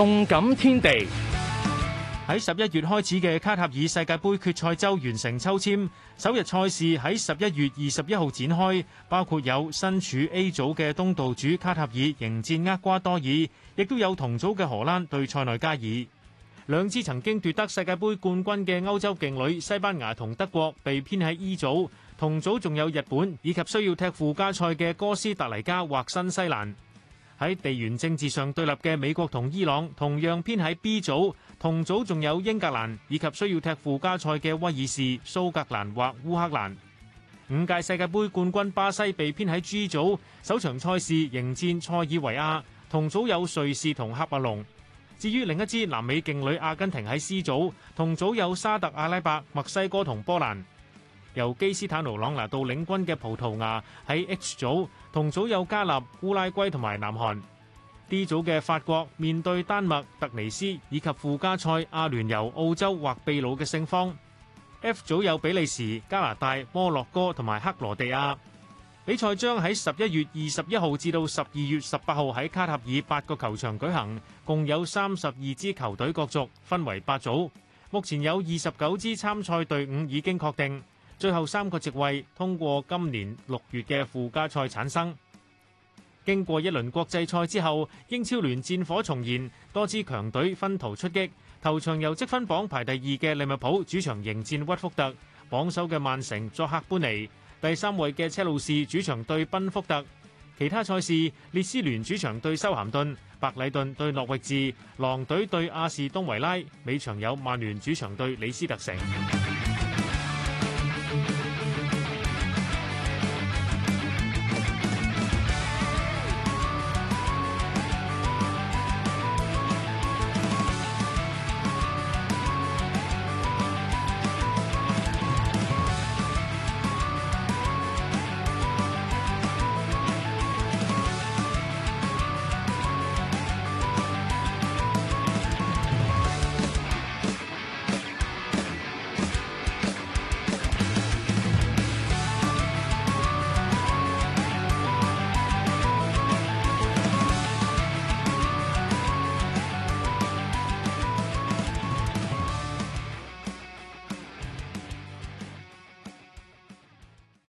動感天地。喺十一月開始嘅卡塔爾世界盃決賽周完成抽籤，首日賽事喺十一月二十一號展開，包括有身處 A 組嘅東道主卡塔爾迎戰厄瓜多爾，亦都有同組嘅荷蘭對塞內加爾。兩支曾經奪得世界盃冠軍嘅歐洲勁旅西班牙同德國被編喺 E 組，同組仲有日本以及需要踢附加賽嘅哥斯達黎加或新西蘭。喺地緣政治上對立嘅美國同伊朗同樣編喺 B 組，同組仲有英格蘭以及需要踢附加賽嘅威爾士、蘇格蘭或烏克蘭。五屆世界杯冠軍巴西被編喺 G 組，首場賽事迎戰塞爾維亞，同組有瑞士同喀麥隆。至於另一支南美勁旅阿根廷喺 C 組，同組有沙特阿拉伯、墨西哥同波蘭。由基斯坦奴朗拿度領軍嘅葡萄牙喺 H 組，同組有加納、烏拉圭同埋南韓。D 組嘅法國面對丹麥、突尼斯以及附加賽阿聯酋、澳洲或秘魯嘅勝方。F 組有比利時、加拿大、摩洛哥同埋克羅地亞。比賽將喺十一月二十一號至到十二月十八號喺卡塔爾八個球場舉行，共有三十二支球隊角逐，分為八組。目前有二十九支參賽隊伍已經確定。最後三個席位通過今年六月嘅附加賽產生。經過一輪國際賽之後，英超聯戰火重燃，多支強隊分途出擊。頭場由積分榜排第二嘅利物浦主場迎戰屈福特，榜首嘅曼城作客般尼，第三位嘅車路士主場對賓福特。其他賽事，列斯聯主場對修咸頓，白禮頓對諾域治，狼隊對阿士東維拉。尾場有曼聯主場對李斯特城。